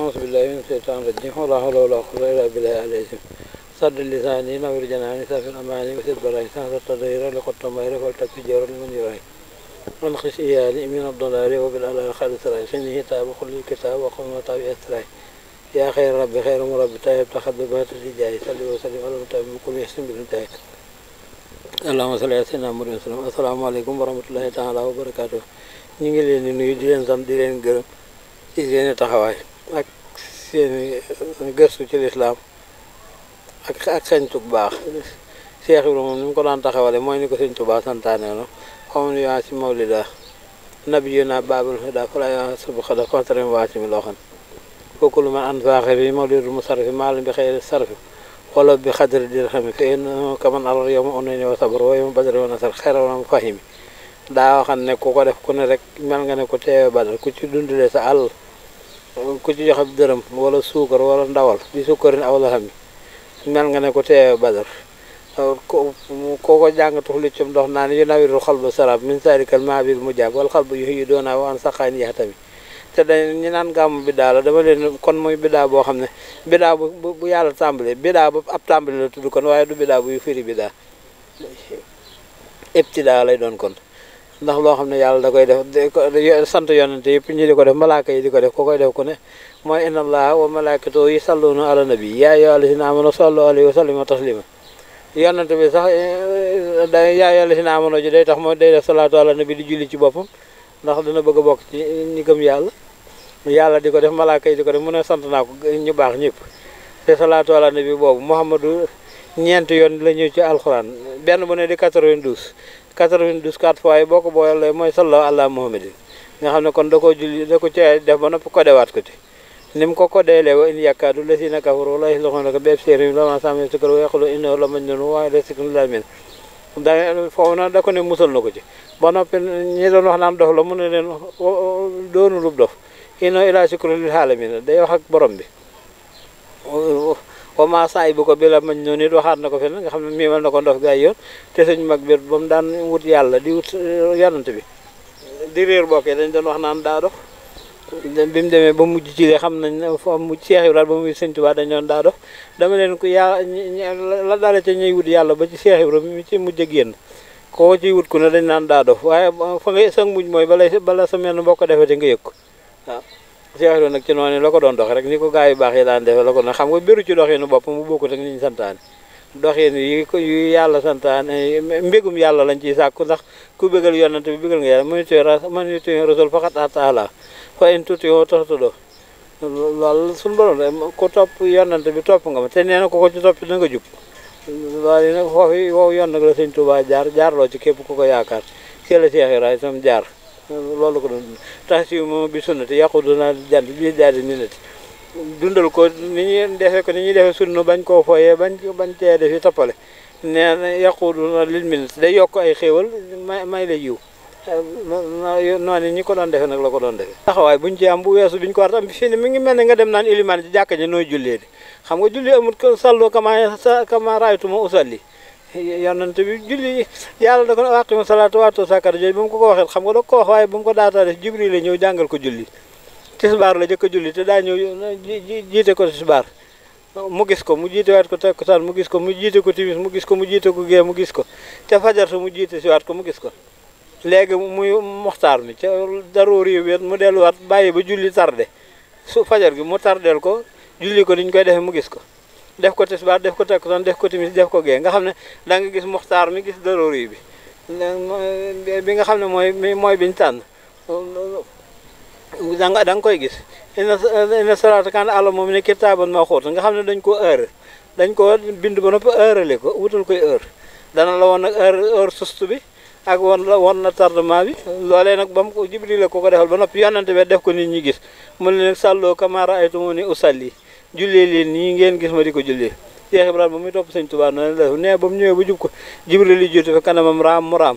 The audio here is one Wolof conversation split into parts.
أعوذ بالله من الشيطان الرجيم ولا حول ولا قوة إلا بالله العظيم صد اللساني نور جناني سافر أماني وسد برايسان ستظهر لقط مهر فلتك جور لمن يراي ونخش إيالي من الضلال وبالألاء خالص راي سنه تاب كل الكتاب وقل ما تاب أسراي يا خير رب خير مرب تاب طيب. تخذ بهات الرجاي صلي وسلم على المتاب بكل يحسن بالمتايب اللهم صل على سيدنا محمد وسلم السلام عليكم ورحمة الله تعالى وبركاته ñu ngi leen di nuyu di leen sant di leen gërëm ci seen taxawaay ak seeni gëstu ci lislaam ak ak sañtug baax Cheikh Ibrahima moom ni mu ko daan taxawale mooy ni ko sëñ Tuubaa santaaneelu xamun yoa si mawlida nabi yo naa babul huda fala yo subu xada kontrém waaci mi loo xam kooku lu man an faaxe fi mawlidul musarrafi maalum bi xëyri sarfi wala bi xadri dirhami fa in kaman alal yow ma unoy ni wa sabar wa yow ma badri wa nasar xerawam fahimi daa waxam ne ku ko def ku ne rek mel nga ne ku teewe badal ku ci dundulee sa àll ku ci joxe dërëm wala suukar wala ndawal di sukkarin aw la mel nga ne ko teewee badar ko ko jàngatu liccum ndox naa ne yu nawiru xalbu sarab min sarikal maabil mu jàpp wala xalbu yu yu doonaa waan saxaan yeex tamit te dañ ñu naan gàmmu biddaa la dama leen kon muy bidaa boo xam ne biddaa bu bu yàlla tàmbalee biddaa bu ab tàmbale la tudd kon waaye du biddaa buy firi biddaa ibtidaa lay doon kon ndax loo xam ne yàlla da koy def sant yonente yëpp ñi di ko def malaaka yi di ko def ku koy def ku ne mooy inna allaha wa malaikatahu yusalluna ala nabi yaa ayyuha allazina amanu sallu alayhi wa sallimu taslima yonente bi sax eh, yaa ayyuha allazina amanu ji day tax mooy day def salaatu ala nabi di julli ci boppam ndax dana bëgg bokk ci ñi yàlla yàlla di ko def malaaka yi di ko def mu ne sant naa ko ñu baax ñëpp te salaatu ala nabi boobu muhammadu ñeent yoon la ñëw ci alxuraan benn bu ne di 92 92 4 fois yi boo ko boolee mooy sallallahu ala muhammadin nga ne kon da koo julli da ko ci def ba noppi kodewaat ko ci ni mu ko kodeelee wa in la si na kafaru wala yuslihuunaka bi absaarihim lammaa sami'uu zikra wa foofu nag da ko ne musal na ko ba noppi ñi doon wax naan dof la mu ne leen doonu lub dof ino ilaa sikru lil xaalamiina day wax ak borom bi wama saay bu ko bi la mañ noonu it waxaat na ko fi nga xam ne miimal na ko ndof gaay yoon te suñ mag bi ba mu daan wut yàlla di wut uh, yonent bi di réer doon wax naan daa dox bi mu demee ba mujj ci xam nañ ne foo mu Seex Ibra ba muy Sëñ Tuubaa dañ doon daa dox dama leen ku yaa la daale ca ñuy wut yàlla ba ci Seex Ibra mi ci mu a génn ko ciy wut ku ne dañ naan daa dof waaye uh, fa nga sag mujj mooy balay bala sa mel mbokk defete nga yëg ko Cheikh Ibra nag ci noonu la ko doon dox rek ni ko gaa yu baax yi daan defee la ko doon xam nga béru ci doxinu bopp mu bokkut ak ni ñu santaane doxin yi ko yu yàlla santaane mbégum yàlla lañ ciy sàkku ndax ku bégal yonent bi bégal nga yàlla mënu ci mënu ci rasul faqat ataala fa in tuuti yoo tax tuddoo loolu suñu borom de ku topp yonent bi topp nga ma te nee na ku ko ci topp dina nga jub loolu yi nag foofu wow yoon nag la sëñ Tuubaa jaar jaarloo ci képp ku ko yaakaar ci la Cheikh jaar loolu la ko doon dund tax si moom bi sunna te yàqu dunaa jànd bii daal di nilati dundal ko ni ñuy defe ko ni ñuy defee sunna bañ koo fooyee bañ bañ cee defi toppale nee na yàqu duna lil minit day yokk ay xéewal may may la yiw noonu ñi ko doon defee nag la ko doon defee taxawaay buñ ci am bu weesu biñ ko war tam fii ne mi ngi mel ne nga dem naan ilimaan ci jàkka ji nooy jullee di xam nga julli amul salloo kama kama raaytuma usalli yonent bi julli yàlla da ko ne aqimu salaata waatu sakara jooju ba mu ko ko waxee xam nga da ko wax waaye ba mu ko daataa def jibril la ñëw jàngal ko julli tisbaar la jëkk a julli te daa ñëw jiite ko tisbaar mu gis ko mu jiite waat ko takkusaan mu gis ko mu jiite ko timis mu gis ko mu jiite ko gee mu gis ko te fajar su mu jiite si waat ko mu gis ko léegi mu moxtaar mi ca daruuri bi mu delluwaat bàyyi ba julli tarde su fajar gi mu del ko julli ko niñ koy defee mu gis ko def ko tisbaar def ko takkusaan def ko timis def ko gee nga xam ne da nga gis muxtaar mi gis daruri bi bi nga xam ne mooy mooy biñ tànn da da nga koy gis inna salaata kaanat alal mu'miniina kitaaban mawquutan nga xam ne dañ ko heure dañ ko bind ba noppi heurele ko wutal koy heure la woon nag heure heure bi ak woon la woon na tardement bi loolee nag ba mu ko Jibril la ko ko ba noppi yonante bi def ko nit ñi gis mu ne nag sàlloo kamaa ra'aytumuunii usallii jullee leen nii ngeen gis ma di ko jullee Cheikh Ibrahima ba muy topp sëñ Tuubaa noonu la nee ba mu ñëwee ba jub ko Jibril yi jóote fa kanamam raam mu raam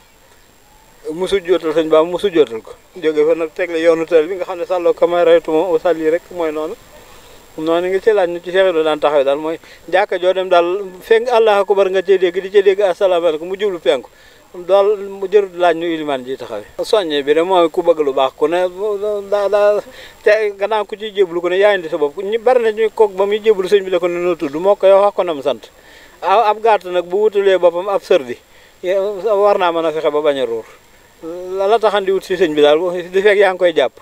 mu sujjootal sëñ Bamba mu sujjootal ko jóge fa nag teg yoonu tëral bi nga xam ne sàlloo kama raytuma wa salli rek mooy noonu noonu nga ci laaj ñu ci Cheikh Ibrahima daan taxawee daal mooy jàkka joo dem daal fekk Allahu akbar nga cee dégg di cee dégg ko mu jublu penku dool mu jërut laaj nu ilimaan ji taxawe soññe bi ne moo ku bëgg lu baax ko ne daa daa te gannaaw ku ciy jéblu ku ne yaa indi sa bopp ñu bari na ñu koog ba muy jéblu sëñ bi da ko ne noo tudd moo ko yow wax ko nam sant ab gàtt nag bu wutalee boppam ab sër di war naa ma a fexe ba bañ a ruur la taxan di wut si sëñ bi daal di fekk yaa ngi koy jàpp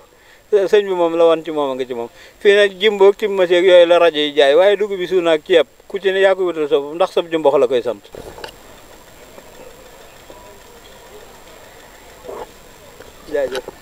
sëñ bi moom la woon ci moom a nga ci moom fii nag jimboog timmaseeg yooyu la rajo yi jaay waaye dugub bi suuna ak ceeb ku ci ndax sab jumbox la koy sant Yeah, yeah.